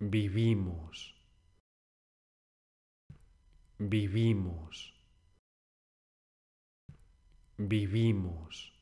vivimos, vivimos, vivimos.